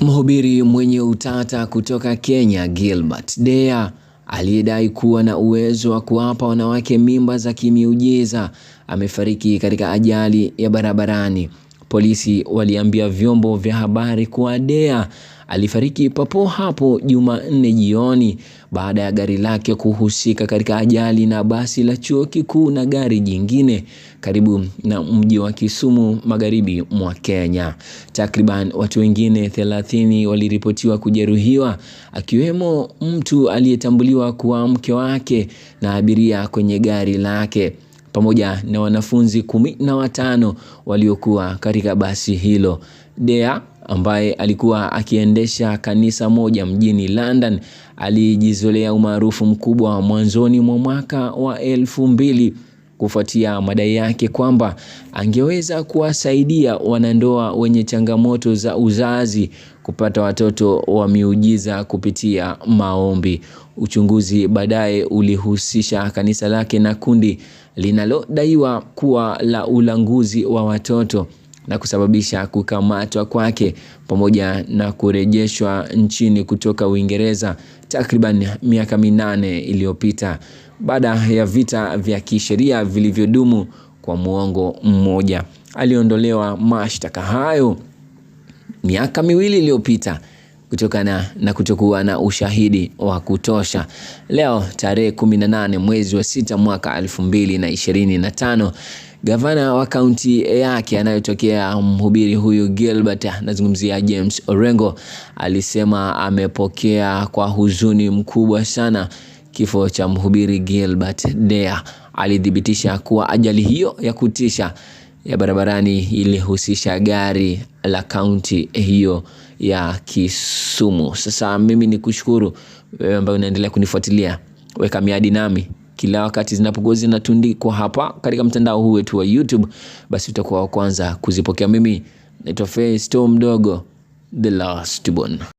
Mhubiri mwenye utata kutoka Kenya Gilbert Deya aliyedai kuwa na uwezo wa kuwapa wanawake mimba za kimiujiza amefariki katika ajali ya barabarani polisi waliambia vyombo vya habari kuwa Dea alifariki papo hapo Jumanne jioni baada ya gari lake kuhusika katika ajali na basi la chuo kikuu na gari jingine karibu na mji wa Kisumu magharibi mwa Kenya. Takriban watu wengine thelathini waliripotiwa kujeruhiwa akiwemo mtu aliyetambuliwa kuwa mke wake na abiria kwenye gari lake pamoja na wanafunzi kumi na watano waliokuwa katika basi hilo. Dea ambaye alikuwa akiendesha kanisa moja mjini London alijizolea umaarufu mkubwa mwanzoni mwa mwaka wa elfu mbili kufuatia madai yake kwamba angeweza kuwasaidia wanandoa wenye changamoto za uzazi kupata watoto wa miujiza kupitia maombi. Uchunguzi baadaye ulihusisha kanisa lake na kundi linalodaiwa kuwa la ulanguzi wa watoto na kusababisha kukamatwa kwake pamoja na kurejeshwa nchini kutoka Uingereza takriban miaka minane iliyopita baada ya vita vya kisheria vilivyodumu kwa muongo mmoja. Aliondolewa mashtaka hayo miaka miwili iliyopita kutokana na kutokuwa na ushahidi wa kutosha. Leo tarehe 18 mwezi wa sita mwaka 2025 gavana wa kaunti yake anayotokea mhubiri huyu Gilbert, anazungumzia James Orengo, alisema amepokea kwa huzuni mkubwa sana kifo cha mhubiri Gilbert Deya. Alithibitisha kuwa ajali hiyo ya kutisha ya barabarani ilihusisha gari la kaunti hiyo ya Kisumu. Sasa mimi ni kushukuru wewe ambaye unaendelea kunifuatilia, weka miadi nami kila wakati zinapokuwa zinatundikwa hapa katika mtandao huu wetu wa YouTube, basi utakuwa wa kwanza kuzipokea. Mimi naitwa Festo Mdogo, the last born.